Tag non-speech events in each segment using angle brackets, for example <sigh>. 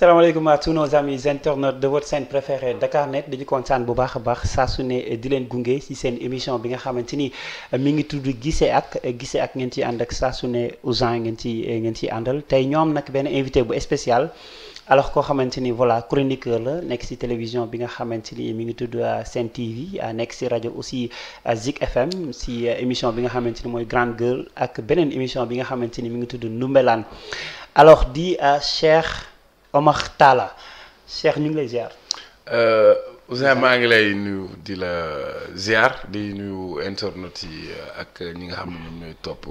salaamaaleykum à tous nos amis internautes de votre chaîne préférée Dakarnet dañu kontaan bu baax a baax saa su ne di leen gunge si seen émission bi nga xamante ni mi ngi tudd gise ak gise ak ngeen ci ànd ak saa sune ne Ousin ngeen ci ngeen ciy àndal tey ñoom nag benn invité bu spécial alors koo xamante ni voilà chroniqueur la nekk ci télévision bi nga xamante ni mi ngi tudd euh, Sen TV euh, nekk ci rajo aussi euh, Zik FM si émission bi nga xamante ni mooy Grande Gueule ak beneen émission bi nga xamante ni mi ngi tudd Ndoumbelane alors Omar Talla Cheikh ñu ngi lay ziar. Euh, Ouzin maa ngi lay nuyu di la ziar di nuyu internet yi ak ñi nga xam ne ñoom ñooy topp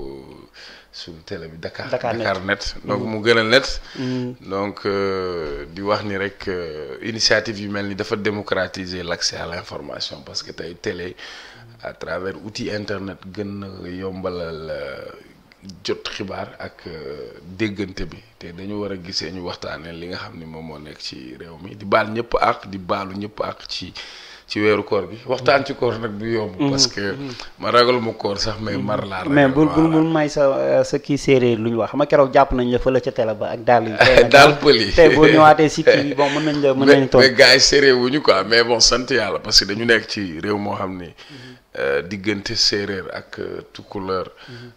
suñu télé bi Dakar. Dakar net mm. donc mu gën a net. Mm. donc euh, di wax ni rek euh, initiative yu mel ni dafa démocratiser l' accès information parce que tey télé à travers outil internet gën yombalal. jot xibaar ak euh, déggante bi te dañu war a gisee ñu waxtaanee li nga xam ni moom moo nekk ci réew mi di baal ñëpp ak di baalu ñëpp ak ci ci weeru koor bi waxtaan ci koor nag bi yomb. Mm-hmm. parce mm-hmm. ma ragal ma koor sax mais mar laa. Mm-hmm. mais bul bul bul may sa euh, sa kii séeréer lu ñu wax xam nga jàpp nañ la fële ca télé ba ak daal yi. <laughs> daal pël yi tey boo ñëwaatee si kii bon mën nañ la mën <laughs> nañ toog mais gars yi séeréer wuñu quoi mais bon sant yàlla parce que dañu nekk ci réew moo xam ni. Euh, diggante séeréer ak euh, tukkuleur mhm.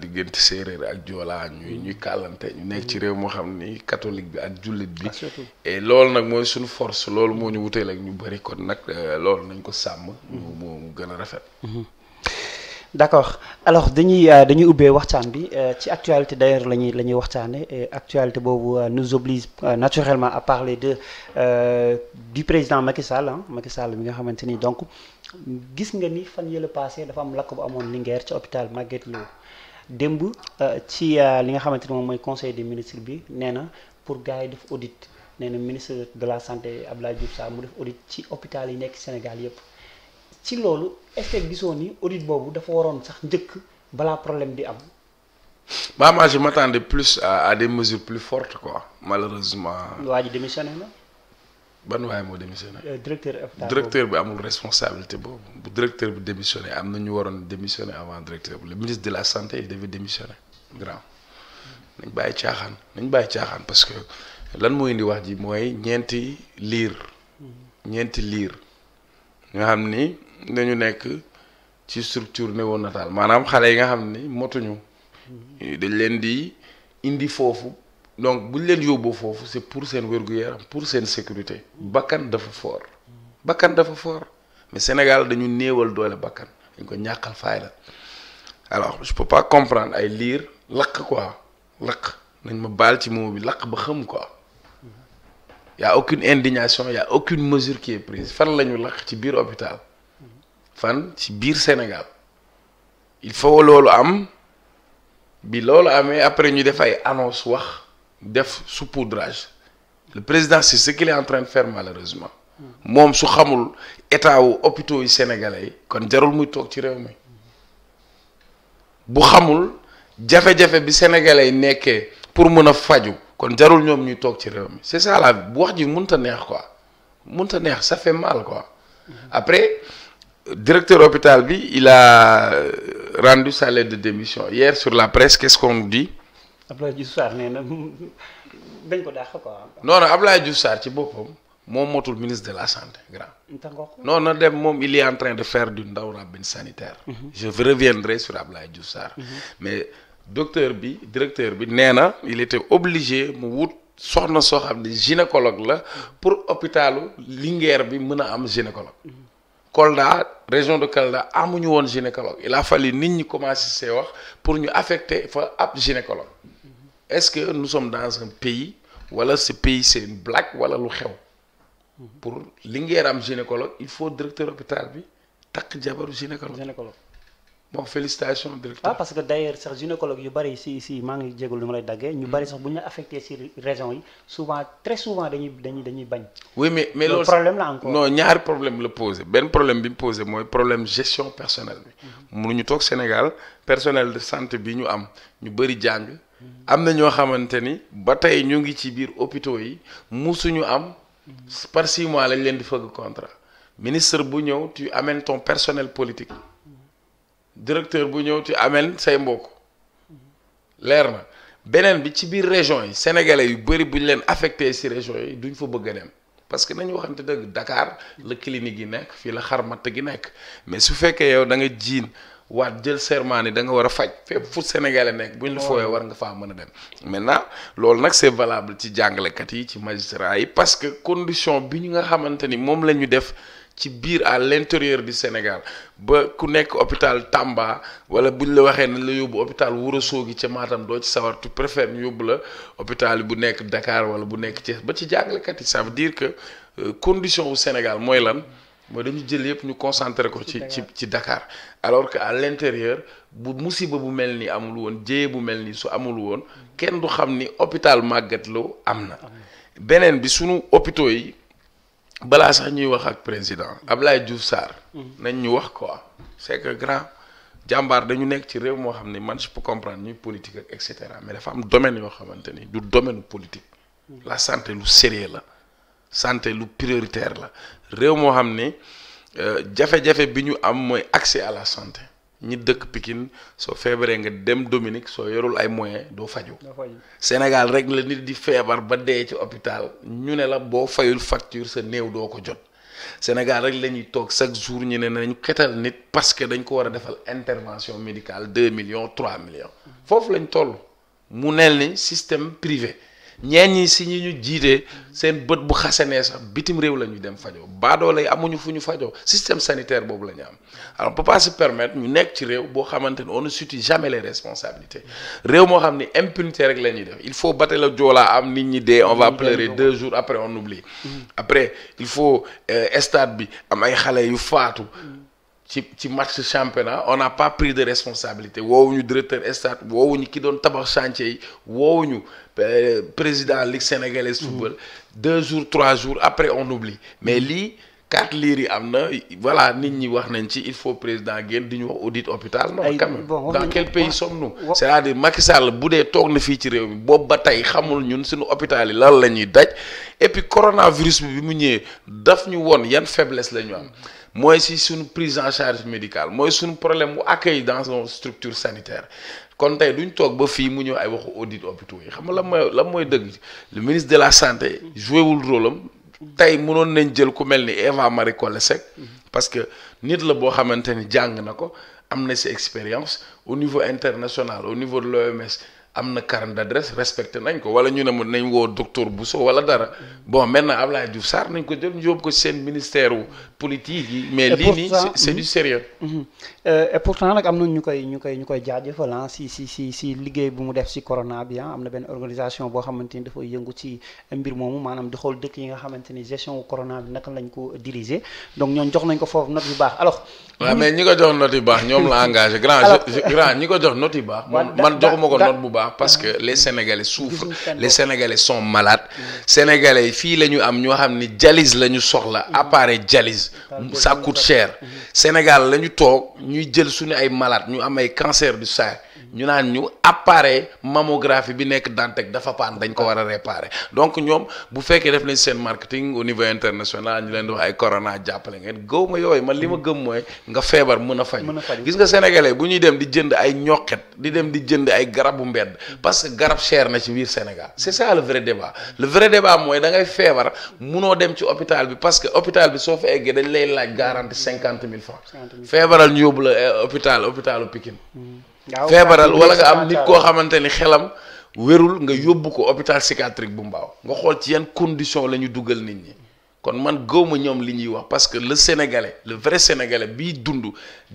diggante séeréer ak joolaa ñuy mhm. ñuy kàllante ñu nekk ci réew moo xam ni catholique bi ak jullit bi ah, et loolu nag mooy suñu force loolu moo ñu wutee ak ñu bëri kon nag euh, loolu nañ ko sàmm mhm. mu mu gën a rafet d'accord alors dañuy euh, dañuy ubbee waxtaan bi euh, ci actualité d'ailleurs la ñuy la ñuy waxtaane actualité boobu euh, nous oblige naturellement à parler de euh, du président Macky Sall ah mi nga xamante ni donc gis nga ni fan yële passé dafa am lakk bu amoon Linguère ci hôpital màgget Lô démb ci li nga xamante ni moom mooy conseil des ministre bi nee pour gars yi def audit nee na ministre de la santé Abdoulaye Diouf Sarr mu def audit ci hôpital yi nekk Sénégal yëpp. ci loolu est-ce que gisoo boobu dafa waroon sax njëkk balaa problème di am. ba ma je plus à, à des mesures plus fortes quoi malheureusement. waa ji démissionné na. ban waaye moo démissionné. Euh, directeur directeur bi amul responsabilité boobu bu directeur bi démissionné am na ñu waroon démissionné avant directeur bi le ministre de la santé il devait démissionner grand nañ bàyyi caaxaan nañ bàyyi caaxaan parce que lan moo indi wax ji mooy ñeenti liir hmm. ñeenti liir nga xam ni dañu nekk ci structure nataal maanaam xale yi nga xam ni motuñu dañ leen di indi foofu donc buñ leen yóbboo foofu c'est pour seen wér-gu-yaram pour seen sécurité bakkan dafa fort bakkan dafa foor mais Sénégal dañu néewal doole bakkan dañ ko ñàkkal faay la alors je peux pas comprendre ay liir lakk quoi lakk nañ ma baal ci mot bi lakk ba xam quoi yaa a aucune indignation y a mesure qui est prise fan la ñu ci biir hôpital fan ci biir Sénégal il faut loolu am bi loolu amee après ñu def ay annonce wax def saupoudrage le président c'est ce qu'il est en train de faire malheureusement moom su xamul état wu hôpitaux yi sénégalais yi kon jarul muy toog ci réew mi bu xamul jafe-jafe bi sénégalais yi nekkee pour mën a faju kon jarul ñoom ñuy toog ci réew mi c'est ça la wax ji mënut a neex quoi munta neex ça fait mal quoi après directeur hôpital bi il a euh, rendu sa lettre de démission hier sur la presse qu'est-ce qu'on nous dit. Abdoulaye Diouf Sarr nee na dañ ko dàq quoi. non non ci boppam moom motul ministre de la santé grand. non na dem moom il est en train de faire du ndaw rabine sanitaire. Mm -hmm. je reviendrai sur Abdoulaye Diouf Sarr. Mhm. mais docteur bi directeur bi nee na il était obligé mu wut. soxna soo xam ne gynécologue la pour hôpitalu Linguère bi mën a am gynécologue mhm. Kolda région de Kolda amuñu woon gynécologue il a fallu nit ñu commencer see wax pour ñu affecter fa ab gynécologue mm-hmm. est-ce que nous sommes dans un pays wala ce pays seen une blague wala lu xew mm-hmm. pour li ngeen am gynécologue il faut directeur hôpital bi takk jabaru gynécologue gynécologue bon félicitation directeur parce que d'ailleurs sax gynécologue yu bëri si si maa ngi jégalu lu ma lay daggee ñu bëri sax bu ñu la affecté si yi souvent très souvent dañuy dañuy dañuy bañ. oui mais mais loolu problème la ñaari problème la posé benn problème bi mu mooy problème gestion personnelle bi. Mhm. ñu toog Sénégal personnel de santé bi ñu am ñu bëri jàng. am na ñoo xamante ni ba tey ñu ngi ci biir hôpitaux yi musuñu am. Mhm. par six mois lañ leen di fëgg contrat ministre bu ñëw tu ameen ton personnel politique. directeur bu ñëw ci amel say mbokk leer na beneen bi ci biir région yi sénégalais yu bëri bu ñu leen affecté si région yi duñ fa bëgg a dem parce que nañu waxante dëgg Dakar la clinique yi nekk fii la xar xarmat gi nekk mais su fekkee yow da nga jiin waat jël serment ni da nga war a faj fépp fu sénégalais nekk buñ la oh. fooyee war nga faa mën a dem maintenant loolu nag c'est valable ci jàngalekat yi ci magistrat yi parce que condition bi ñu nga xamante ni moom la ñu def ci biir à l'intérieur du Sénégal ba ku nekk hôpital Tamba wala buñ la waxee nañ la yóbbu hôpital Ourossogui ca Matam doo ci sawar tu préfères yóbbu la hôpital bu nekk Dakar wala bu nekk ci ba ci jàngalekat yi ça veut que euh, condition wu Sénégal mooy lan mooy dañu jël yëpp ñu concentré ko ci ci dakaar alors que à l'intérieur bu musiba bu mel nii amul woon jéye bu mel nii su amul woon kenn du xam ni hôpital Magatte Lô am na beneen bi sunu hôpitaux yi balaa sax ñuy wax ak président Ablaye Diouf Sarr. nañ ñu wax ko c'est que grand jàmbaar dañu nekk ci réew moo xam ne man je peux comprendre ñuy politique ak et cetera mais dafa am domaine yoo xamante ni du domaine politique. la santé lu sérieux la santé lu prioritaire la réew moo xam ne euh, jafe-jafe bi ñu am mooy accès à la santé. ñi dëkk pikin soo feebaree nga dem Dominique soo yorul ay moyens doo faju Sénégal rek la nit di feebar ba dee ci hôpital ñu ne la boo fayul facture sa néew doo ko jot Sénégal rek la ñuy toog chaque jour ñu ne nañu xetal nit parce que dañ ko war a defal intervention médicale deux millions trois millions mm-hmm. foofu lañ toll mu neel ni système privé ñeen ñi si ñi ñu jiitee seen bët bu xasanee sax bitim réew la ñu dem fajoo baadoo lay amuñu fu ñu fajoo système sanitaire boobu la ñu am alors on peut pas permettre ñu nekk ci réew boo xamante ni on ne situe jamais les responsabilités réew moo xam ni impunité rek la ñuy def il faut bate la joolaa am nit ñi dee on va pleurer deux jours après on oublie mm. après il faut euh, stade bi am ay xale yu faatu mm. ci ci match championnat on n'a pas pris de responsabilité woowuñu directeur stade ñu ki doon tabax chantier yi woowuñu euh, président ligue sénégalaise football mm-hmm. deux jours trois jours après on oublie mais mm-hmm. lii quatre liir yi am na voilà nit ñi wax nañ ci il faut président génn di ñu wax audit hôpital non quand même dans quel pays sommes-nous c'est-à-dire Macky Sall bu dee toog na fii ci réew mi boobu ba tey xamul ñun suñu hôpital yi lan la ñuy daj et puis coronavirus bi mu ñëwee daf woon yan faiblesse la ñu am mm-hmm. mooy si suñu prise en charge médical mooy suñu problème bu accueil dans nos sanitaire kon tey duñu toog ba fii mu ñëw ay waxu audit hôpitaux yi xam nga la mooy lan mooy dëgg le ministre de la santé joué wul rôle am tey mënoon nañ jël ku mel ni Eva Marie Coll parce que nit la boo xamante ni jàng na ko am na si expérience au niveau international au niveau de l'OMS am na carnet d'adresse respecté nañ ko wala ñu ne mën nañ woo docteur Bousso wala dara bon maintenant Abdoulaye Diouf Sarr nañ ko jël ñu ko seen ministère wu politique yi. mais lii nii c'est du sérieux euh, et pourtant nag am na ñu koy ñu koy ñu koy jaajëfal ah si si si si liggéey bi mu def si corona bi ah am na benn organisation boo xamante ni dafa yëngu ci mbir moomu maanaam di xool dëkk yi nga xamante ni gestion corona bi naka lañ ko diriger donc ñoom jox nañ ko foofu note yu baax alors. waaw mais ñi ko jox note yu baax ñoom la engagé grand grand ñi ko jox note yu baax. man joxuma ko note bu baax parce que ah. les sénégalais souffrent les sénégalais sont malades mm. sénégalais fii la ñu am ñoo xam ni dialyse la ñu soxla appareil dialyse gis ça coûte cher Sénégal lañu toog ñuy jël suñu ay malaat ñu am ay cancer du sein ñu naan ñu appareil mammographie bi nekk Dantec dafa paan dañ ko war a réparer donc ñoom bu fekkee def nañ seen marketing au niveau international ñu leen di wax ay corona jàppale ngeen gëw ma yooyu man li ma gëm mooy nga feebar mën a faj gis nga sénégalais bu ñuy dem di jënd ay ñoqet di dem di jënd ay garabu mbedd parce que garab cher na ci biir Sénégal c'est ça le vrai débat le vrai débat mooy dangay feebar munoo dem ci hôpital bi parce que hôpital bi soo f eggee dañ lay laaj garantie cinquante mille francs feebaral ñu yóbbu la eh, hôpital hôpitalu Pikine mm-hmm. feebaral wala nga am nit koo xamante ni xelam wérul nga yóbbu ko hôpital psychiatrique bu mbaaw nga xool ci yan condition la ñu dugal nit ñi kon man gëwma ñoom li ñuy wax parce que le sénégalais le vrai sénégalais bii dund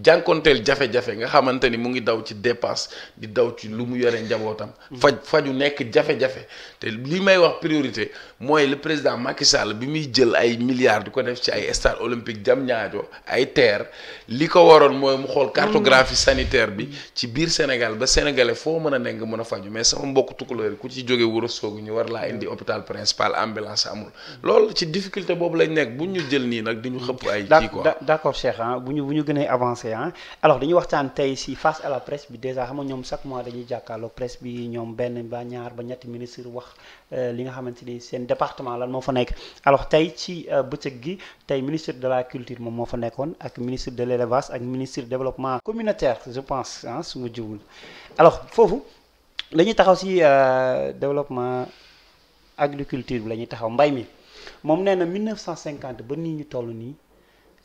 jànkonteel jafe-jafe nga xamante ni mu ngi daw ci dépense di daw ci lu mu yore njabootam. faj mm. faju nekk jafe-jafe te li may wax priorité mooy le président Macky Sall bi muy jël ay milliards di ko def ci ay stade olympique jam ñaajo ay terre li ko waroon mooy mu xool cartographie mm. sanitaire bi ci biir Sénégal ba sénégalais foo mën a nekk nga mën a faju mais sama mbokk tukulóor ku ci jóge Wuro Sogu ñu war laa indi hôpital principal ambulance amul mm. boobu lañ nekk bu ñu jël nii nag di ñu xëpp ay. ji quoi d' accord Cheikh ah bu ñu ñu gënee avancé ah alors dañuy waxtaan tey si face à la presse bi dèjà xam nga ñoom chaque mois dañuy jàkkaarloo presse bi ñoom benn ba ñaar ba ñetti ministre wax euh, li nga xamante ni seen département lan moo fa nekk. alors tey ci euh, bëccëg gi tey ministre de la culture moom moo fa nekkoon ak ministre de l' élevage ak ministre développement communautaire je pense ah su ma jiwul alors foofu lañuy taxaw si euh, développement agriculture bi la ñuy taxaw mbay mi. moom nee na 1950 ba nii ñu tollu nii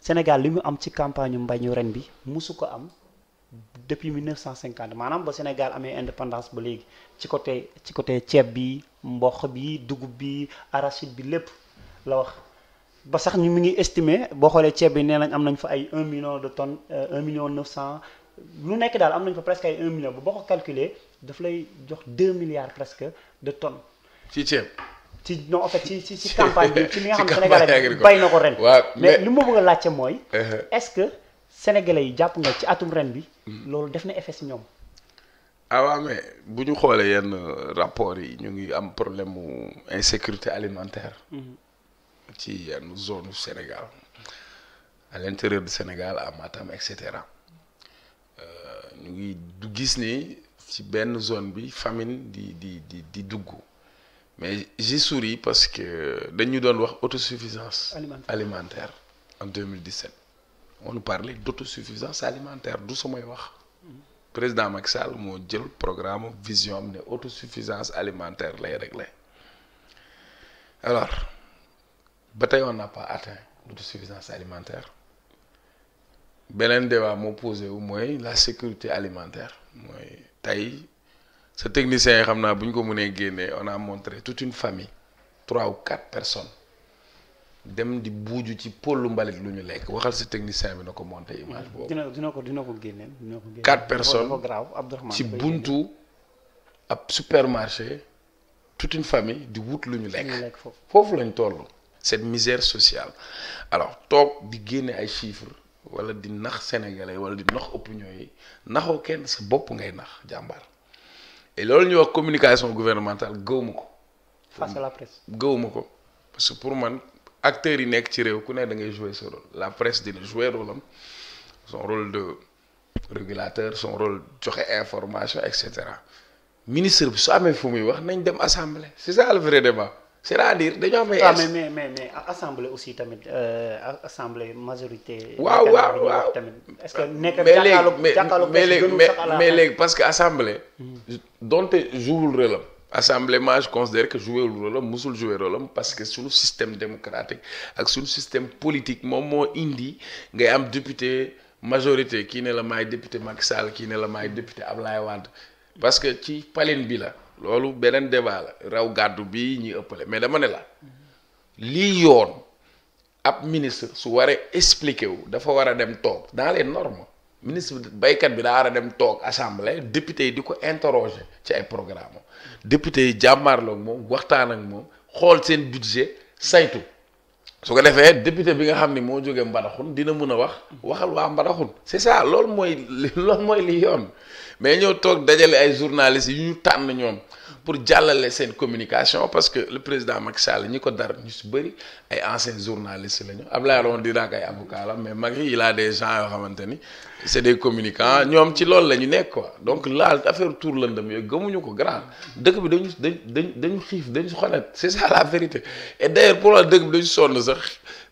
Sénégal li mu am ci campagne mbañu ren bi musu ko am depuis 1950 maanaam ba Sénégal amee indépendance ba léegi ci côté ci côté ceeb bi mboq bi dugub bi arachide bi lépp la wax ba sax ñu mi ngi estimer boo xoolee ceeb bi nee nañ am nañ fa ay un million de tonnes 1 euh, million cent lu nekk daal am nañ fa presque ay 1 million bu boo ko calculer daf lay jox deux milliards presque de tonnes. ci ceeb. ci non en ci ci <laughs> ci campagne bi ci li nga <laughs> xam ne Sénégalais bay na ko ren. mais li ma bëgg a mooy. <laughs> Uh-huh. est-ce que sénégalais yi jàpp nga ci atum ren bi. Mm-hmm. loolu def na effet si ñoom. ah mais bu ñu xoolee yenn rapport yi ñu ngi am problème mu insécurité alimentaire. Mm-hmm. ci yenn zone yu Sénégal. à l'intérieur du Sénégal à Matam et cetera euh, ñu ngi du gis ni ci benn zone bi famine di di di di dugg. mais j'ai souri parce que dañu doon wax autosuffisance alimentaire en 2017 on nous parlait d'autosuffisance alimentaire du samay wax président Macky Sall moo jël programme vision am ne autosuffisance alimentaire lay régler alors ba tey on n'a pas atteint l'autosuffisance alimentaire beneen débat moo posé wu mooy la sécurité alimentaire mooy tey sa technicien yi xam naa bu ñu ko mënee génnee on a montré tout une famille trois ou quatre personnes dem di buuju ci pollu mbalit lu ñu lekk waxal sa technicien bi na ko monté image boobu. dina dina ko dina ko génne dina ko génne quatre personnes ci buntu ab supermarché toute une famille di wut lu ñu lekk. foofu lañ toll. cette misère sociale alors toog di génne ay chiffres wala di nax sénégalais wala di nax opinion yi naxoo kenn sa bopp ngay nax jàmbar et loolu ñuy wax communication gouvernementale gëwuma ko. face à la presse gëwuma ko parce que pour man acteurs yi nekk ci réew ku ne da ngay jouer sa la presse dina jouer rôle son rôle de régulateur son rôle joxe information et cetera ministre bi su amee fu muy wax nañ dem assemblée c'est ça le vrai ba c'est-à-dire dañoo am ay. Ah, mais mais mais aussi tamit euh, assemblée majorité. waaw waaw waaw tamit est-ce que nekk mais léegi parce que assemblée. Hmm. donte jouwul rôle am. assemblée ma je considère que joué wul rôle am musul parce que suñu système démocratique ak suñu système politique moom moo indi ngay am député majorité kii ne la maay député Macky Sall kii ne la maay député Ablaye Wade parce que ci palin bi la. loolu beneen débat la raw gàddu bi ñi ëppale mais dama ne la lii yoon ab ministre su waree expliquer wu dafa war a dem toog dans les normes ministre baykat bi daa war a dem toog assemblée député yi di ko interoge ci ay programme député yi jàmmaarloog moom waxtaan ak moom xool seen budget saytu su ko defee député bi nga xam ni moo jógee Mbadakhoune dina mën a wax waxal waa Mbadakhoune c'est ça loolu mooy loolu mooy li yoon mais ñëw toog dajale ay journalistes yu ñu tànn ñoom pour jàllale seen communication parce que le président Macky Sall ñi ko dara ñu si bëri ay anciens journalistes la ñu Abdoulaye Wade dina ak ay avocats la mais Macky yi a des gens yoo xamante ni c'est des communicants ñoom ci loolu la ñu nekk quoi donc laal affaire tour lëndëm yooyu gëmuñu ko grand dëkk bi dañu dañ dañu xiif dañu xonet c'est ça la vérité et d'ailleurs pour la dëkk bi dañu sonn sax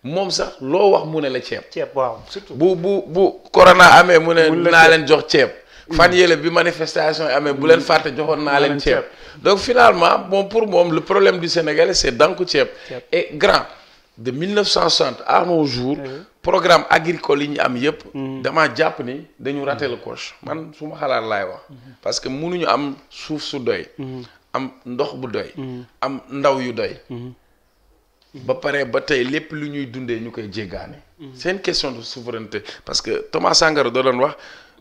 moom sax loo wax mu ne la ceeb. ceeb waaw surtout bu bu bu corona amee mu ne. naa leen jox ceeb. fan yële bi manifestation amee bu leen fàtte joxoon naa leen ceeb donc finalement bon pour moom le problème du Sénégalais c'est danku ceeb e grand de 1960 à nos jours programme agricole yi ñu am yépp mhm. dama jàpp ni dañu raté le coche man su ma xalaat laay wax mhm. parce que mënuñu am suuf su doy mhm. am ndox bu doy am ndaw yu doy ba pare ba tey lépp lu ñuy dundee ñu koy jéggaane seen une question de souveraineté parce que Thomas Sankara doo doon wax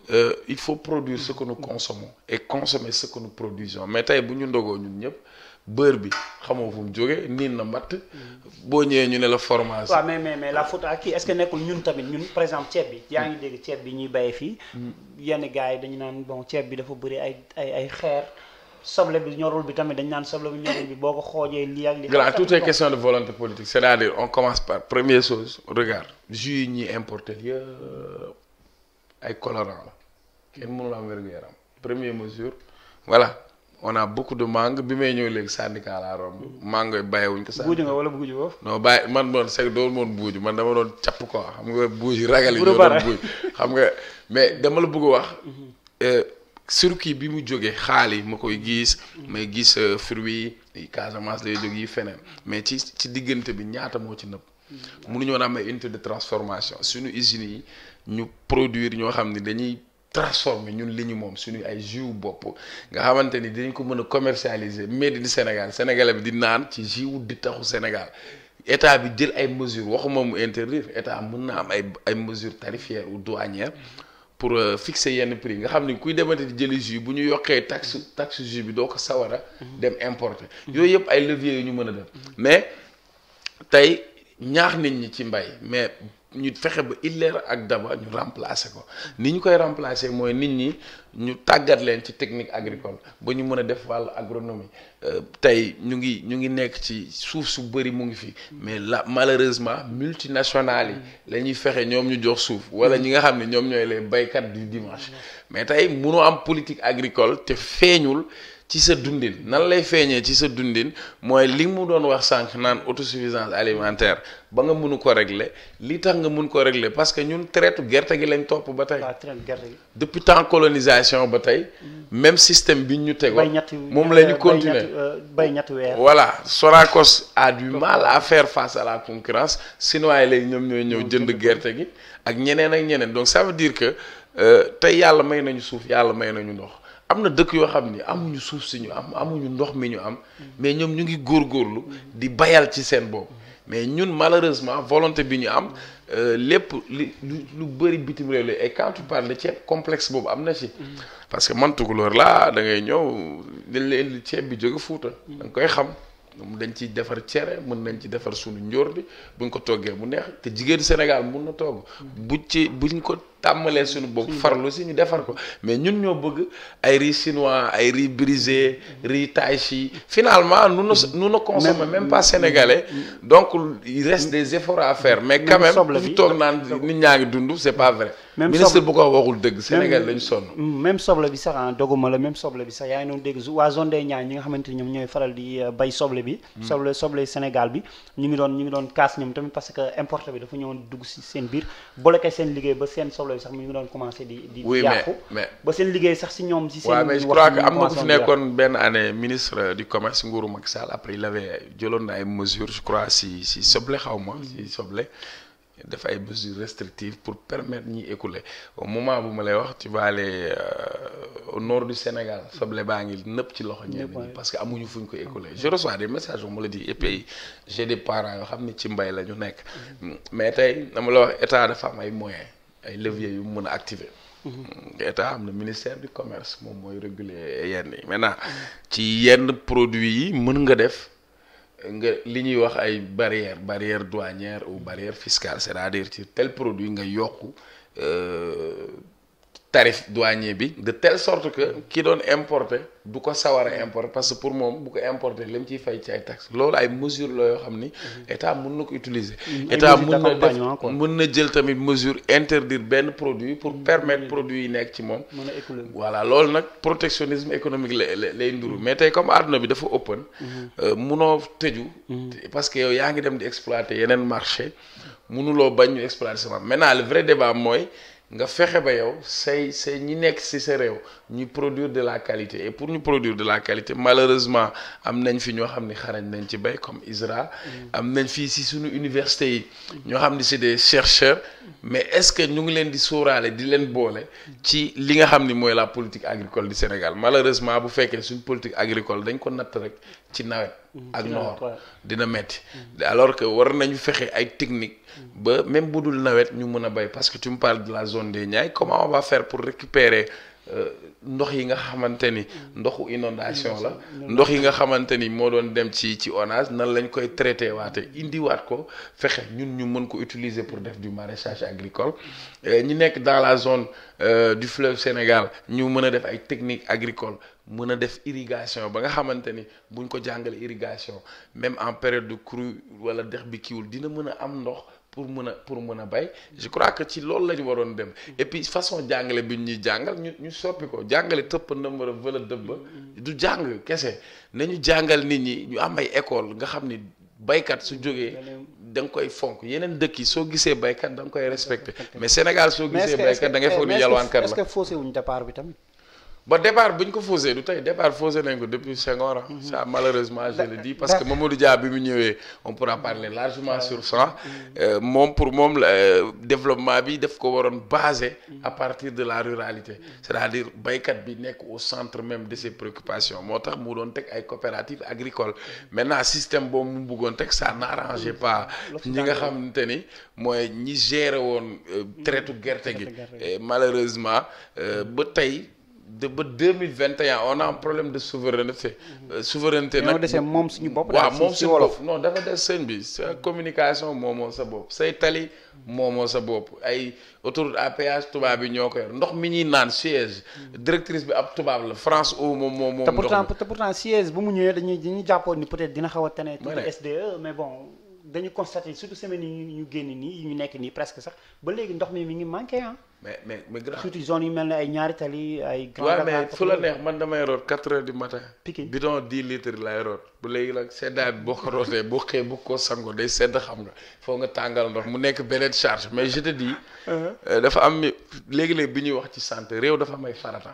Euh, il faut produire ce que nous consommons et consommer ce que nous produisons mais tey bu ñu ndogoo ñun ñëpp beurre bi xamoo fu mu jógee niin na mbatt boo ñëwee ñu ne la fromage. waaw mais mais mais la faute à qui est-ce nekkul ñun tamit ñun par exemple ceeb bi. yaa ngi dégg ceeb bi ñuy bayee fii. Mm. yenn gars yi dañu naan bon ceeb bi dafa bëri ay ay ay xeer. soble bi ñorul bi tamit dañ naan soble bi ñorul bi boo ko xoojee lii ak lii. voilà tout est question de volonté politique c'est-à-dire on commence par première ay colorant la kenn mënul am wér-gu-yaram première mesure voilà on a beaucoup de mangue bi may ñëw léegi syndicat laa romb mangue yi bàyyiwuñ ko. buuj nga wala buuj foofu. non bàyyi man man Seck doon moon buuj man dama doon capp ko xam nga buuj ragal yi. buuj xam nga mais dama la bëgg wax. circuit euh, bi mu jógee xaal yi ma koy gis. may gis euh, fruits yi Casamance lay jóg yi feneen mais ci ci diggante bi ñaata moo ci nëb. Mm. ñoo am ay unité de transformation suñu usines yi. ñu produire ñoo xam ne dañuy transformer ñun li ñu moom suñu ay jus bopp nga xamante ni dinañ ko mën a commercialiser made in Sénégal sénégalais bi di naan ci jus di taxu Sénégal état bi jël ay mesures waxuma mu interdire état mun na am ay ay mesures tarifaires ou douanières pour euh, fixer yenn prix nga xam ni kuy demante ni jëli jus bu ñu yokkee taxe taxe jus bi doo ko sawara dem importer yooyu yëpp ay leviers yu ñu mën a def mais tey ñaax nit ñi ci mbay mais ñu fexe ba Hilaire ak Daba ñu remplacer ko ni ñu koy remplacer mooy nit ñi ñu tàggat leen ci technique agricole ba ñu mën a def wàllu agronomie euh, tey ñu ngi ñu ngi nekk ci suuf su bëri mu ngi fi mais la malheureusement multinationales yi la ñuy fexe ñoom ñu jox suuf wala ñi nga xam ne ñoom ñooy les baykat du dimanche mais tey mënoo am politique agricole te feeñul. ci sa dundin nan lay feeñee ci sa dundin mooy li mu doon wax sànq naan autosuffisance alimentaire ba nga mënu ko regle li tax nga mun ko régler parce que ñun traite gerte gi lañ topp ba tey depuis temps colonisation ba tey même système bi ñu tegoon moom la ñu continuer euh, bay ñetti weer voilà Sonacos a du mal à faire face à la concurrence chinois yi léegi ñoom ñooy ñëw jënd gerte gi ak ñeneen ak ñeneen donc ça veut dire que euh, tey yàlla may nañu suuf yàlla may nañu ndox am na dëkk yoo xam ni amuñu suuf si ñu am amuñu ndox mi ñu am mais ñoom ñu ngi góor góorgóorlu di bayal ci seen bopp mais ñun malheureusement volonté bi ñu am euh, lépp li lu bëri bitim réew la et quand tu parles ceeb complexe boobu am na ci. parce que man tukulóor laa da ngay ñëw dañ la indi ceeb bi jóge Fuuta. da nga koy xam dañ ciy defar cere mën nañ ci defar suñu njóor bi buñ ko toggee mu neex te jigéenu Sénégal mun na togg. bu ci buñ ko. tàmmalee suñu bopp farlu si ñu defar ko mais ñun ñoo bëgg ay riz chinois ay riz brisé riz taichi finalement nous ne nous ne consommons même pas sénégalais donc il reste des efforts à faire mais quand même fi toog naan nit ñaa ngi dund c'est pas vrai ministre bu ko waxul dëgg Sénégal lañu sonn même soble bi sax ah doguma la même soble bi sax yaa ngi doon dégg waa zone des Niayes ñi nga xamante ni ñoom ñooy faral di euh, bay soble bi hmm. soble soble Sénégal bi ñu ngi doon ñu ngi doon kaas ñoom tamit parce que importé bi dafa ñëwoon dugg si seen biir bloqué seen liggéey ba seen soble employé sax mi ngi doon commencé di di yàqu mais ba seen liggéey sax si ñoom si seen waaw mais je crois que am na ku fi nekkoon benn année ministre du commerce nguuru Macky Sall après il avait jëloon na ay mesures je crois si si soble xaw ma si mm-hmm. soble def ay mesures restrictives pour permettre ñi écouler au moment bu ma lay wax tu vas aller euh, au nord du Sénégal soble baa ngi nëpp ci loxo ñenn ñi parce que amuñu fuñ ko écouler mm-hmm. je reçois des messages on me le dit et puis j'ai des parents yoo xam ne ci mbay la ñu nekk mm-hmm. mais tey dama la wax état dafa am ay moyens ay levier yu mu mën a activer. Mhm. état am na ministère du commerce moom mooy réguler yenn yi maintenant ci yenn produits yi mën nga def nga li ñuy wax ay barrières barrières douanières ou barrières fiscales c'est-à-dire ci tel produit nga yokku euh, tarif douanier bi de telle sorte que ki doon importer du ko sawara a parce que pour moom bu ko importer li mu ciy fay ci ay taxes loolu ay mesures la yoo xam ni mhm. état mun na ko utiliser. Mhm. état mun na def mun na jël tamit mesure interdire benn produit pour mhm. permettre produit yi nekk ci moom. voilà loolu nag protectionisme économique la lay nduru mais tey comme àdduna bi dafa open. Euh, munoo tëju. parce que yow yaa ngi dem di exploiter yeneen marché. munuloo bañ ñu exploiter semence maintenant le mooy. nga fexe ba yow say say ñi nekk ci sa réew ñu produire de la qualité et pour ñu produire de la qualité malheureusement am nañ fi ñoo xam ni xarañ nañ ci bay comme ISRA mm. am nañ fii si suñu université yi ñoo xam ni c'est des chercheurs mais est-ce que ñu ngi leen di sóoraale di leen boole ci li nga xam ni mooy la politique agricole du Sénégal malheureusement bu fekkee suñu politique agricole dañ ko natt rek ci nawet Mm-hmm. ak noor dina metti alors que war nañu fexe ay technique mm-hmm. ba même bu dul nawet ñu mën a bay parce que tu me parles de la zone des Niayes comment on va faire pour récupérer euh, ndox yi nga xamante ni mm-hmm. ndoxu inondation la ndox yi nga xamante ni moo doon dem ci ci onage nan lañ koy traité waate indiwaat ko fexe ñun ñu mën ko utiliser pour def du maraîchage agricole euh, ñu nekk dans la zone euh, du fleuve Sénégal ñu mën a def ay techniques agricoles mën a def irrigation ba nga xamante ni buñ ko jàngale irrigation même en période de crue wala dex bi kiiwul dina mën a am ndox pour mën a pour mën a bay je crois que ci loolu la ñu waroon dem et puis façon jàngale bi ñuy jàngal ñu ñu soppi ko jàngale tëpp ndëmbar a vëla dëbba du jàng kese nañu jàngal nit ñi ñu am ay école nga xam ni baykat su jógee da nga koy fonk yeneen dëkk soo gisee baykat da koy respecté mais Sénégal soo gisee baykat da ngay foog ni yalwaankat la wuñ départ bi tamit ba départ bu ñu ko fausé du tey départ fausé nañ ko depuis cinq ans ah. mhm. ça malheureusement je le dis parce que Mamadou Dia bi mu ñëwee on pourra parler mhm. mhm. euh, moom pour moom euh, développement bi daf ko waroon basé à partir de la ruralité c'est-à-dire baykat bi nekk au centre même de ses préoccupations moo tax mu doon teg ay coopératives agricole maintenant système boobu mu bëggoon teg ça n'arrangeait pas ñi nga xamante ni mooy ñi géré woon euh, traitu gerte gi malheureusement ba tey de ba deux mille vingt et un on a un problème de souveraineté. Mhm. Euh, souveraineté nag moom suñu bopp. moom suñu bopp non dafa des seen bi sa mhm. communication moomoo sa bopp say tali moomoo sa bopp ay autoroute à péage tubaab bi ñoo ko yor ndox mi ñuy naan siège mhm. directrice bi ab tubaab la France au moom moom. moom ndox te pourtant te pourtant siège bu mu ñëwee dañuy dañuy jàppoon ni peut-être dina xaw a tane. SDE e, mais bon. dañu constaté surtout semaine yi ñu génn nii yi ñu nekk nii presque sax ba léegi ndox mi mi ngi manqué ah. mais mais mais grand surtout zone yu mel ne ay ñaari tali ay. grand waaw mais fu la neex man damay root 4 heures du matin. Pikine bidon 10 litres lay root. bu léegi nag seddaay bi boo ko rootee boo xëyee bu ko sango day sedd xam nga foo nga tàngal ndox mu nekk beneen charge mais je te dis. Uh-huh. Euh, dafa am léegi-léegi bi ñuy wax ci santé réew dafa am ay farata.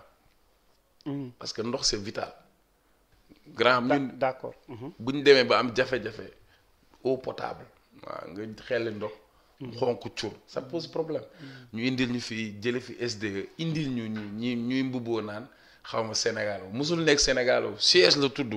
Mm. parce que ndox c'est vital. grand ñun d'accord mm-hmm. bu ñu demee ba am jafe-jafe. eau potable waaw nga xelli ndox mm-hmm. xonk cur ça pose problème mm-hmm. ñu indil ñu fi jële fi SDE indil ñu ñu ñi ñuy mbubboo naan xaw ma Sénégal musul nekk Sénégal Suez la tudd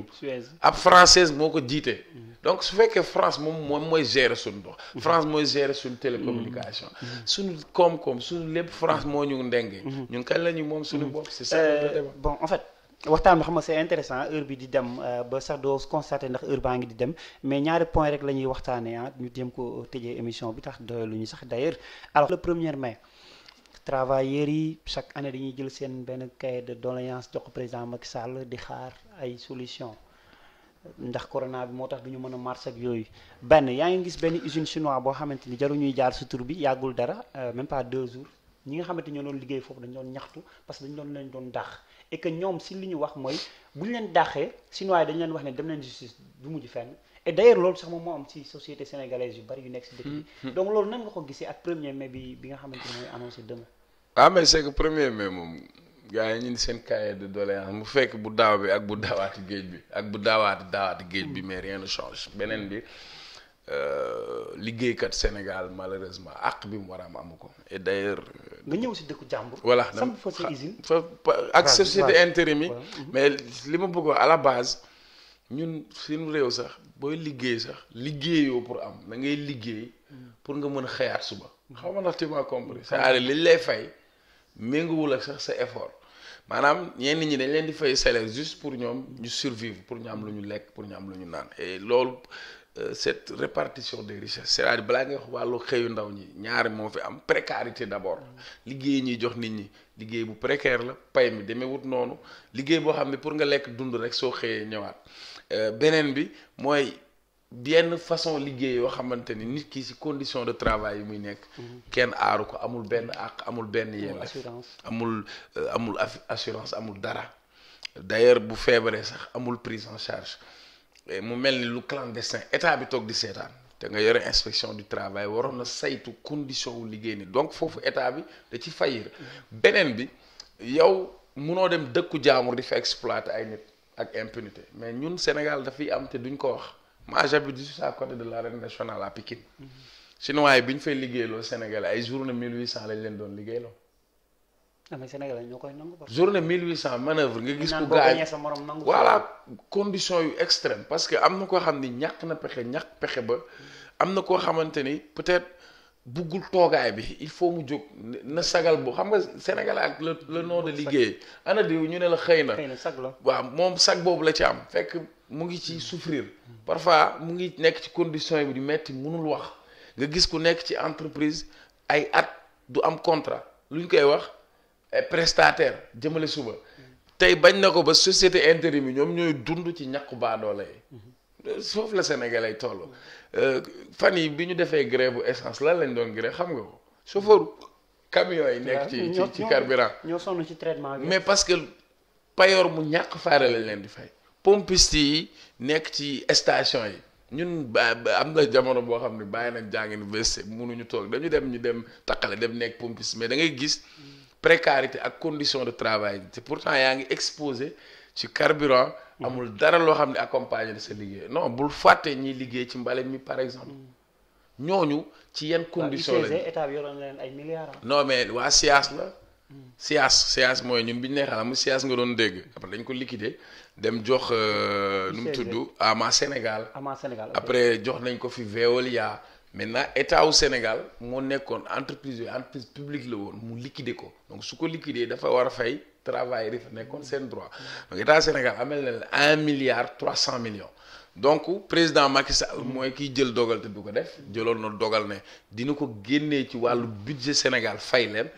ab française moo ko jiite mm-hmm. donc su fekkee France moom moom mooy gérer suñu ndox France mooy gérer suñu télécommunication suñu koom-koom suñu lépp France moo ñu ndenge ñun kañ la moom suñu bopp c'est ça euh, bon en fait waxtaan bi xam nga c'est intéressant heure bi di dem euh, ba sax doo constaté ndax heure baa ngi di dem mais ñaari point rek la ñuy waxtaanee ah ñu dem ko téjee émission bi tax doyalu ñu sax d'ailleurs alors première premier mai travailleurs yi chaque année dañuy jël seen benn cahier de doléance jox président Macky Sall di xaar ay solution ndax corona bi moo tax du ñu mën a marché ak yooyu benn yaa ngi gis benn usine chinois boo xamante ni jaru ñuy jaar sutur bi yàggul dara euh, même pas deux jours ñi nga xamante ñoo doon liggéey foofu dañ ñaxtu parce que dañ doon leen doon dàq et que ñoom si li ñu wax mooy bu ñu leen dàqee chinois yi dañu leen wax ne dem leen justice du mujj fen et d' ailleurs loolu sax moom moo am ci société sénégalaise yu bari yu nekk si bi. Hmm, hmm. donc loolu nañ nga ko gisee ak premier mai bi bi nga xamante ne mooy annoncé demain. ah mais c' premier mais moom gars yi ñu seen cahier de doléance mu fekk bu daaw bi ak bu daawaati géej bi ak bu daawaati daawaati géej bi hmm. mais rien ne change beneen bi. Euh, liggéeykat Sénégal malheureusement àq bi mu war am amu ko et d'ailleurs. Euh, ñëw si dëkku jàmbur. voilà samp fa sa usine ak société intérim yi mm-hmm. mais li ma bëgg à la base ñun suñu réew sax booy liggéey sax liggéeyoo pour am da ngay liggéey pour nga mën a xëyaat suba. Mm-hmm. xaw ma ndax tu m'as compris. c'est-à-dire liñ lay fay méngoowul ak sax sa effort. maanaam ñenn ñi dañ leen di fay salaire juste pour ñoom ñu survivre pour ñu am lu ñu lekk pour ñu am lu ñu naan et loolu Euh, cette répartition des richesses cest à balaa nga wax wàllu xëyu ndaw ñi ñaari moo fi am précarité d'abord liggéey ñuy jox nit ñi liggéey bu précaire la pay mi demee wut noonu liggéey boo xam ne pour nga lekk dund rek soo xëyee ñëwaat euh, beneen bi mooy yenn façon liggéey yoo xamante ni nit ki ci condition de travail yi muy nekk mm-hmm. kenn aaru ko amul benn àq amul benn yenn amul amul euh, assurance amul dara d'ailleurs bu feebaree sax amul prise en charge mu mel ni lu clandestin état bi toog di seetaan te nga yore inspection du travail waroon na saytu condition wu liggéey ni donc foofu état bi da ci fayir beneen bi yow munoo dem dëkku jaamur di fa exploiter ay nit ak impunité mais ñun Sénégal dafiy am te duñ ko wax ma j'habite juste à côté de l'arène nationale à Pikine mm-hmm. chinois bi ñu fay liggéeyloo Sénégal ay journée mille huit cent lañ leen doon liggéeyloo mais Sénégal ñoo koy nangu. journée 1800 manœuvre nga gis. ko gaañ sa morom nangu voilà condition yu extrême parce que am na koo xam ni ñàkk na pexe ñàkk pexe ba am na koo xamante ni peut-être buggul toogaay bi il faut mu jóg na sagal bu xam nga Sénégal ak le le nom liggéey. ana ñu ne la xëy na. xëy na sag waaw moom sag boobu la ci am fekk mu ngi ci souffrir. parfois mu ngi nekk ci condition yi di metti mënul wax nga gis ku nekk ci entreprise ay at du am contrat luñ koy wax. prestataire jëmale suba tey bañ na ko ba société intérim yi ñoom ñooy dund ci ñàkku baadoola yi foofu la sénégalais toll euh, fan yi bi ñu defee grève bu essence lan lañ doon grève xam nga ko chauffeur camion yi nekk ci ci ci carburant ñoo sonn ci traitement mais parce que payoor mu ñàq faare lañ leen di fay pompiste yi nekk ci station yi ñun ba am na jamono boo xam ne bàyyi nañ jàng université mënuñu toog dañu dem ñu dem taqale dem nekk pompiste mais da ngay gis précarité ak condition de travail te pourtant yaa ngi exposé ci carburant. Mm-hmm. amul dara loo xam ne accompagné sa liggéey no bul fàtte ñi liggéey ci mbalit mi par exemple. Mm-hmm. ñooñu ci yenn condition la état bi leen ay milliards. non mais waa SIAS la. Mm-hmm. SIAS SIAS mooy ñun bi ñu nee xanaa nga doon dégg après dañ ko liquider dem jox euh, nu mu tudd. ama Sénégal ama Sénégal après jox nañ ko fi Veolia maintenant état wu Sénégal moo nekkoon entreprise yooyu entreprise publique la woon mu liquider ko donc su ko liquider dafa war a fay travail rif nekkoon seen droit donc état Sénégal amee na la un milliard trois cent millions donc président Macky Sall mooy kiy jël dogal te du ko def jëloon na dogal ne dina ko génnee ci wàllu budget Sénégal fay leen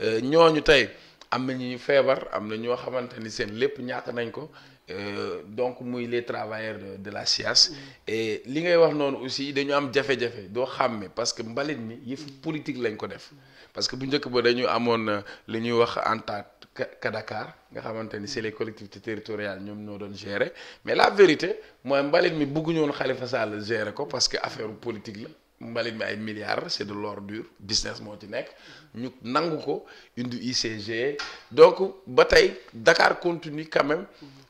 euh, ñooñu tey am na ñu feebar am na ñoo xamante ni seen lépp ñàkk nañ ko Euh, donc muy les travailleurs de la SIAS. et li ngay wax noonu aussi dañu am jafe-jafe doo xàmme parce que mbalit mi yëfu politique lañ ko def parce que bu njëkk ba dañu amoon euh, li ñuy wax entaat Kadakar nga xamante ni c'est les collectivités territoriales ñoom ñoo doon gérer mais la vérité mooy mbalit mi bëgguñu woon Khalifa Sall ko parce que affaire politique la. mbalit mi ay milliards c'est de l'ordure business moo ci nekk ñu nangu ko indi ICG donc ba tey Dakar continue quand même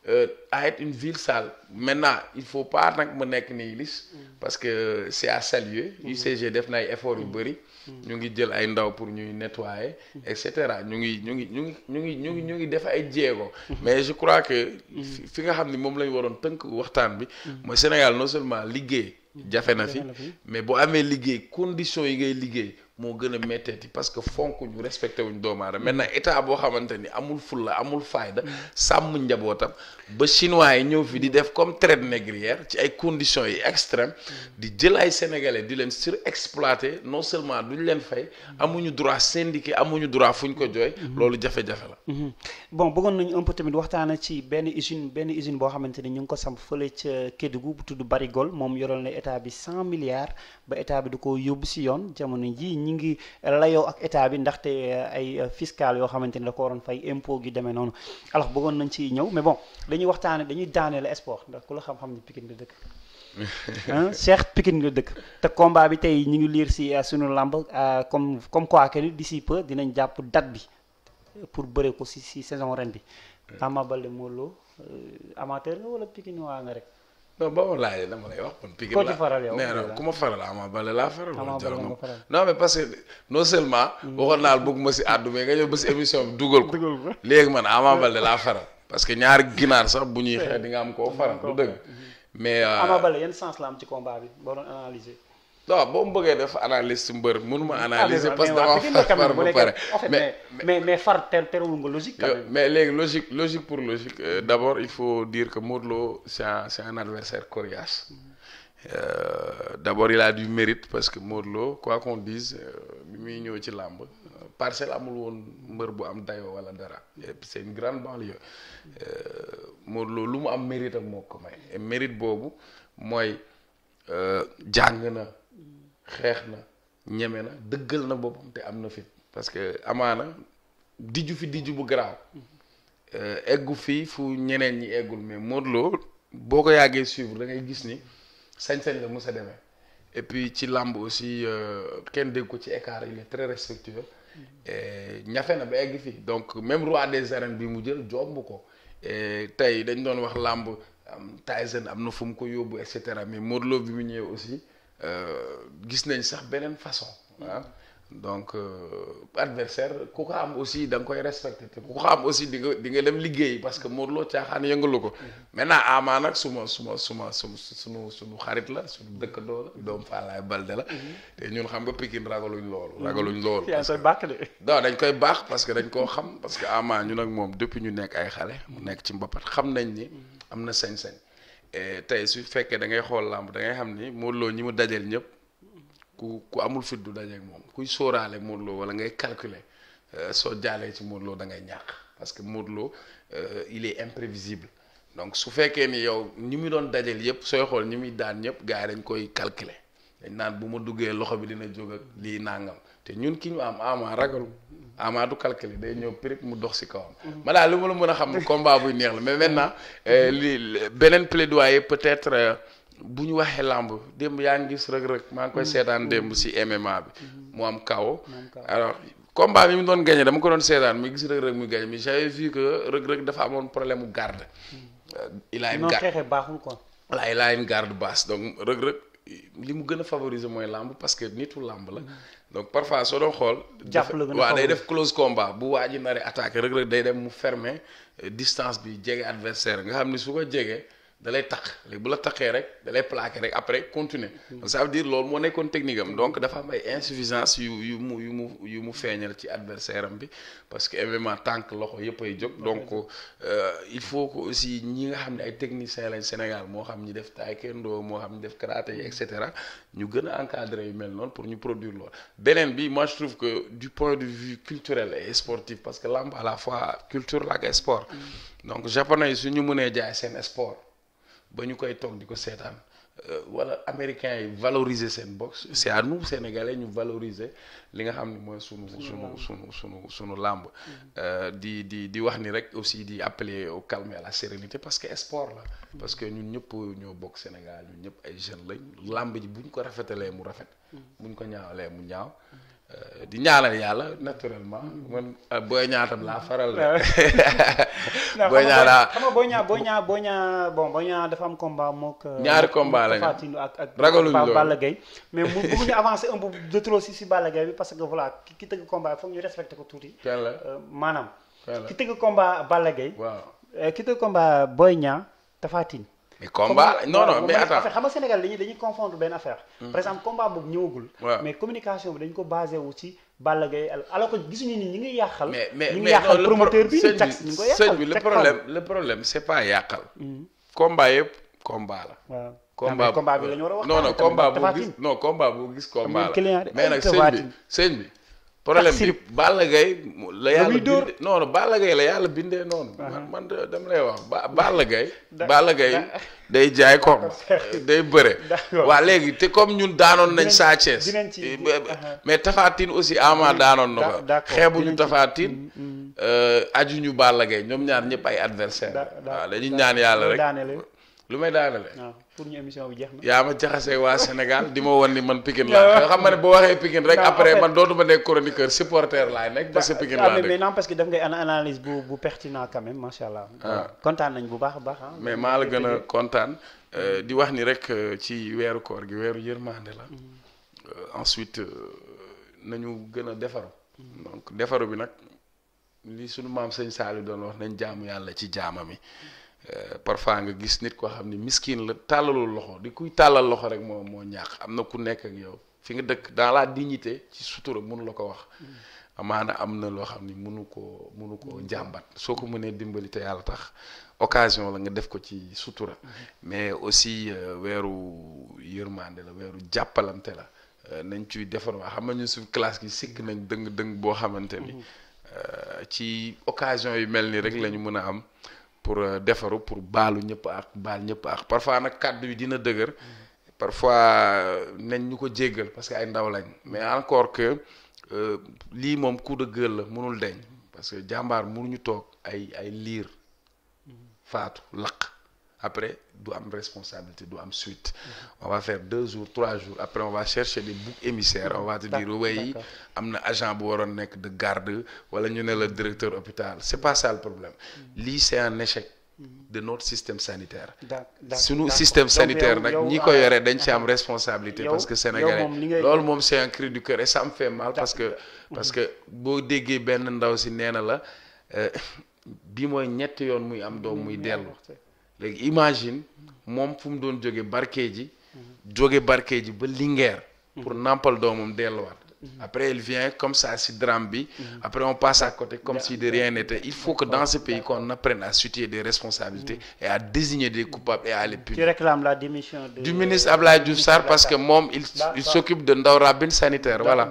euh, à une ville sale maintenant il faut pas nag mu nekk nii lis parce que c'est à saluer ICG def na ay effort yu bëri ñu ngi jël ay ndaw pour ñuy nettoyer et cetera ñu ngi ñu ngi ñu ngi ñu ngi ñu ngi ñu ngi def ay jéego mais je crois que fi nga xam ne moom lañ waroon tënk waxtaan bi mooy Sénégal non seulement liggéey jafe na fi mais boo amee liggéey condition yi ngay liggéey moo gën a métteeti parce que fonk ñu respecté wuñ doomu aadama maintenant état boo xamante ni amul fulla amul fayda sàmm njabootam ba chinois yi ñëw fi di def comme traite négrière ci ay conditions yi extrême di jël ay sénégalais di leen sur exploité non seulement duñ leen fay amuñu droit syndiqué amuñu droit fuñ ko jooy loolu jafe-jafe la mhm. bon bëggoon nañu un peu tamit waxtaana ci benn usine benn usine boo xamante ni ñu ngi ko samp fële ca Kédougou bu tudd Barigol moom yoroon na état bi cent milliards ba état bi du ko yóbbu si yoon jamono ji ñi ngi layoo ak état bi ndaxte eh, ay eh, fiscal yoo xamante ni da ko waroon fay impôt gi demee noonu alors bëggoon nañ ci ñëw mais bon dañuy waxtaane dañuy daanee la sport ndax ku la xam-xam ni Pikine nga dëkk <laughs> Cheikh Pikine nga dëkk te combat bi tey ñu ngi liir si eh, suñu lamb comme comme quoi di d'ici peu dinañ jàpp date bi pour bëre ko si si saison ren bi hmm. Ama Baldé Modou Lô euh, nga wala Pikine waa nga rek non boo ma laajee dama lay wax. kon Pikine la koo ku ma faral Ama Baldé laa faral. Ama Baldé nga mais parce que non seulement. waxoon naa la bëgg ma si àddu mais nga ñëw ba si émission bi dugal ko. léegi man Ama Baldé laa faral. parce que ñaari ginaar sax bu ñuy xeex di nga am koo faral du dëgg. mais Ama euh, Baldé yan sens la am ci combat bi boo doon non boo mu bëggee def analyse mbër mënuma ah, analyser parce que dama far ba pare mais mais mais far terewul nga logique. logique pour logique euh, d' abord il faut dire que Modou Lo c' est un adversaire coriace mm. euh, d' abord il mérite parce que Modou Lo quoi qu'on dise euh, bi muy ñëw ci làmb parcelle amul woon mbër bu am dayoo wala dara c' est grande banlieue Modou Lo lu mu am mérite moo ko may mérite boobu mooy jàng na. xeex na ñeme na dëggal na boppam te am na fit parce que amaana dijju fi dijju bu garaaw euh, eggu fii fu ñeneen ñi eggul mais moodloo boo ko yàggee suivre da ngay gis ni sañ-sañ la mos a demee et ci làmb aussi euh, kenn dégg ko ci écart il est très respectueux ñafe na ba egg fi donc même roi des arènes bi mu jël jomb ko tey dañ doon wax làmb Tyson am na fu mu ko yóbbu et cetera mais Modou bi mu ñëwee aussi Euh, gis nañ sax beneen façon ah donc euh, adversaire ku ko am aussi da nga koy respecté te ku ko am aussi di nga di nga dem liggéey parce que Modou Lo caaxaan yëngalu ko mm. maintenant Ama nag suma suma suma su suñu suñu xarit la suñu dëkkandoo la doomu Fallaye Balde la mm-hmm. te ñun xam nga Pikine ragaluñ loolu ragaluñ loolu yaa koy baax de non dañ koy baax parce que dañ koo xam parce que Ama ñu ak moom depuis ñu nekk ay xale mu nekk ci mbapat xam nañ ni mm-hmm. am na sañ-sañ Eh, tey su fekkee da ngay xool làmb da ngay xam ni Modou Lo ñi mu dajeel ñëpp ku ku amul fit du dajeek moom kuy sóoraale Modou Lo wala ngay calculer eh, soo jaalee ci Modou Lo da ngay ñàkk parce que Modou Lo eh, il est imprévisible donc su fekkee ni yow ñi mu doon dajeel yëpp sooy xool ñi muy daan ñëpp gars yi dañ koy calculer dañ naan bu ma duggee loxo bi dina jóg ak lii nangam. te ñun ki ñu am ama ragal ama du calculer day ñëw prip mu dox si kawam. ma daal li ma la mën a xam combat buy neex la mais maintenant euh, li beneen plaidoyer peut-être euh, bu ñu waxee làmb démb yaa ngi gis rëg-rëg maa ngi koy mm-hmm. seetaan démb si mm-hmm. MMA bi. Mm-hmm. mu am kaw alors. combat bi mu doon gagné dama ko doon seetaan mi gis rëg-rëg muy gagné mais j'avais vu que rëg-rëg dafa amoon problème mu garde. Euh, il a une garde non xeexee baaxul quoi. voilà il a une garde basse donc rëg-rëg. li mu gën a favoriser mooy làmb parce que nitu làmb la donc parfois soo doon xool. jàppale waaw day def close combat bu waa ji naree attaqué rek rek day dem mu fermer euh, distance bi jege adversaire nga xam ni su ko jege. da lay taq léegi bu la taqee rek da lay rek après continuer ça veut dire loolu moo nekkoon technique am donc dafa am ay insuffisance yu yu mu yu mu yu mu feeñal ci adversaire am bi parce que MMA tànk loxo yëpp ay jog donc euh, il faut que aussi ñi nga xam ne ay techniciens lañ Sénégal moo xam ñi def taekwondo moo xam ñi def karaté yi et cetera ñu gën a encadré yu mel noonu pour ñu produire lool beneen bi ma je trouve que du point de vue culturel et sportif parce que lamb à fois culture ak sport mm. donc japonais yi ñu mënee jaay seen sport ba ñu koy toog di ko seetaan euh, wala américains yi valoriser seen boxe c'est à nous ñu valoriser li nga xam ni mooy sunu sunu sunu sunu sunu làmb mm-hmm. euh, di di di wax ni rek aussi di appeler au calme et la sérénité parce que sport la mm-hmm. parce que ñun ñëpp ñoo bokk Sénégal ñun ñëpp ay jeunes lañ làmb ji buñ ko rafetalee mu rafet mm-hmm. bu ko ñaawalee mu ñaaw Euh, di ñaanal yàlla naturellement man euh, booy ñaatam laa faral la. booy ñaa laa xam nga booy ñaa booy ñaa booy ñaa booy ñaa dafa am combat mook. Euh, ñaari combat lañu ak loolu mais mu bëgg ñu avancer un peu si si Balla Gaye parce que voilà ki ki tëgg combat foog ñu respecté ko tuuti. kenn la maanaam. ki tëgg combat Balla Gaye. ki tëgg combat Boy Niang Tapha mais combat non non mais attends xam nga Sénégal dañuy dañuy confondre benn affaire. Hmm. par exemple combat boobu ñëwagul. mais communication bi dañ ko basé wu ci Balla Gaye alors que gisuñu ni ñi ngi yàqal. mais mais mais non promoteur bi sëñ bi sëñ bi le problème le problème c'est pas yàqal. Hmm. combat yëpp combat la. waaw combat combat bi la war a wax. non non combat gis non combat bu gis combat la mais nag sëñ bi sëñ bi. problème bi Balla gay la yàlla bindee noonu Balla Gaye la yàlla bindee noonu. Ah. man man dama lay wax ba Balla Gaye. Balla Gaye day jaay koom <laughs> day bëre. waa léegi te comme ñun daanoon nañ Sa Thiès. Eh, mais Tapha aussi Ama daanoon na ko. ñu xeebuñu Tapha ñu mm, mm. euh, ajuñu Balla Gaye ñoom ñaar ñëpp ay adversaire waaw dañuy ñaan yàlla rek. lu may daanale. pour ñu émission bi jeex na. yaa ma jaxase waa Sénégal di ma won ni man Pikine laa. yoo <laughs> xam nga ne boo waxee Pikine rek après man dootuma nekk chroniqueur supporter laay nekk. parce que Pikine ah, laa dëkk mais non parce que daf ngay analyse bu bu pertinent quand allah. Ah. kontaan nañu bu baax a baax. mais maa la gën a kontaan euh, di wax ni rek euh, ci weeru koor gi weeru yërmande la. Mm-hmm. Euh, ensuite nañu gën a defaru. Mm-hmm. donc defaru bi nag li suñu maam sëñ Saliou doon wax nañ jaamu yàlla ci jaamam yi. Mm-hmm. Euh, parfois nga gis nit koo xam ni miskin la tàllalul loxo di kuy tàllal loxo rek moo moo ñaax am na ku nekk ak yow fi nga dëkk dans la dignité ci sutura la ko wax mm. amaana am na loo xam ni mënu koo mënu koo njàmbat soo ko mënee dimbali te yàlla tax occasion la nga def ko ci sutura mm-hmm. mais aussi euh, weeru yërmande la weeru jàppalante la euh, nañ ciy defar waa xam nañu suñu classe gi sikk nañ dëng dëng boo xamante ni mm-hmm. ci occasion yu mel nii rek lañu mën a am pour euh, defaru pour baalu ñëpp ak baal ñëpp ax parfois nag kàddu yi dina dëgër parfois euh, nañ ñu ko jéggal parce que ay ndaw lañ mais encore que euh, lii moom coup gël la mënul deñ parce que jàmbaar mënuñu toog ay ay liir mm-hmm. faatu laq après du am responsabilité du am suite on va faire deux jours trois jours après on va chercher des boucs émissaires on va te dire oui am na agent bu waroon nekk de garde wala ñu ne la directeur hôpital c'est pas ça le problème lii c'est un échec de notre système sanitaire. suñu système sanitaire nag ñi ko yore dañ ci am ah, responsabilité. parce que sénégalais loolu moom c'est un cri du cœur et ça me fait mal parce que. parce que boo déggee benn ndaw si nee na la euh, bii mooy ñetti yoon muy am doom muy dellu. léegi imagine moom fu mu doon jóge Barkédji jóge Barkédji ba Linguère pour mhm. nàmpal doomam delluwaat mhm. après il vient comme ça si drame bi mhm. après on passe à côté comme si de rien n'était il faut que dans ce pays qu'on apprenne à situer des responsabilités et à désigner des coupables et à les punir tu réclames la démission de du ministre Abdoulaye parce que moom il s'occupe de ndaw rabine sanitaire voilà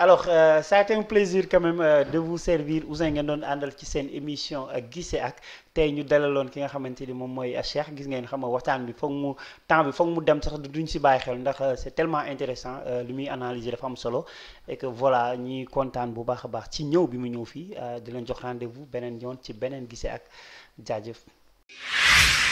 alors euh, ça a été un plaisir quand même euh, de vous servir Ouzin ngeen doon àndal ci seen émission ak euh, gise ak tey ñu dalaloon ki nga xamante ni moom mooy euh, Cheikh gis ngeen xam nga waxtaan bi foog mu temps bi foog mu dem sax du duñ si bàyyi xel ndax euh, c'est tellement intéressant li muy analyser dafa am solo et que voilà ñuy kontaan bu baax a baax ci ñëw bi mu ñëw fii di leen jox rendez-vous beneen yoon ci beneen gise ak jaajëf.